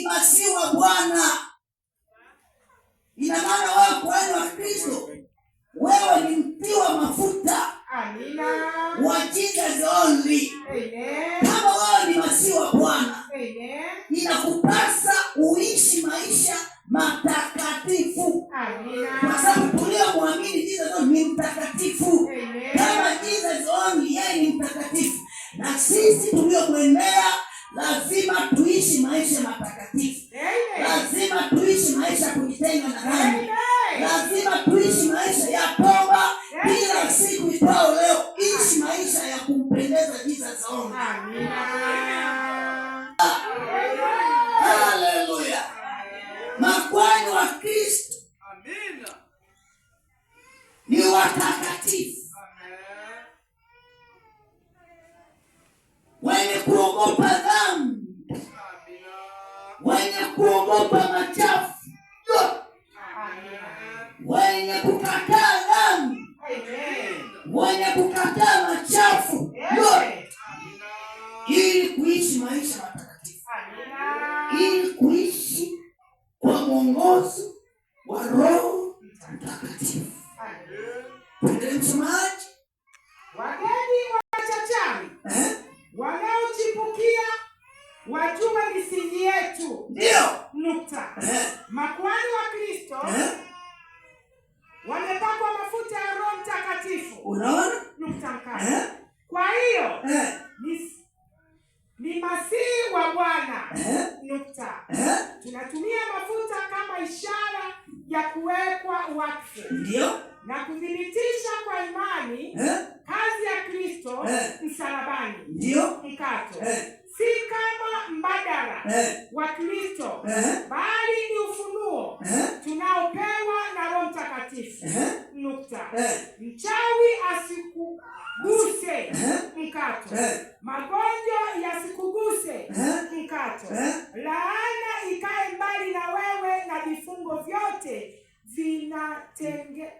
Umebarikiwa Bwana. Ina maana wewe kuhani wa Kristo, wewe ni mtiwa mafuta. Amina. Wa Jesus Kama wewe ni masiwa Bwana. Inakupasa uishi maisha matakatifu. Amina. Kwa sababu tuliyomwamini Jesus only ni mtakatifu. Kama Jesus yeye ni mtakatifu. Na sisi tuliyomwendea lazima tuishi maisha matakatifu mtakatifu. Lazima tuishi maisha ya kujitenga na dhambi, lazima tuishi maisha ya toba kila siku itao leo. Ishi maisha ya kumpendeza Jesus only. Haleluya! makwani wa Kristo ni watakatifu wenye kuogopa kuogopa machafu wenye kukataa dhambi wenye kukataa machafu yote ili kuishi maisha matakatifu ili kuishi kwa mwongozo wa Roho wajua misingi yetu, ndio nukta. Eh. Makuhani wa Kristo eh. wamepakwa mafuta ya Roho Mtakatifu, unaona nukta mkazo. Eh. Kwa hiyo ni, ni masihi wa Bwana nukta, tunatumia mafuta kama ishara ya kuwekwa wakfu, ndio na kudhibitisha kwa imani kazi ya Kristo msalabani, ndio mkato eh, wa Kristo eh, bali ni ufunuo eh, tunaopewa na Roho Mtakatifu eh, nukta eh, mchawi asikuguse eh, mkato eh, magonjwa yasikuguse eh, mkato eh, laana ikae mbali na wewe na vifungo vyote vinatenge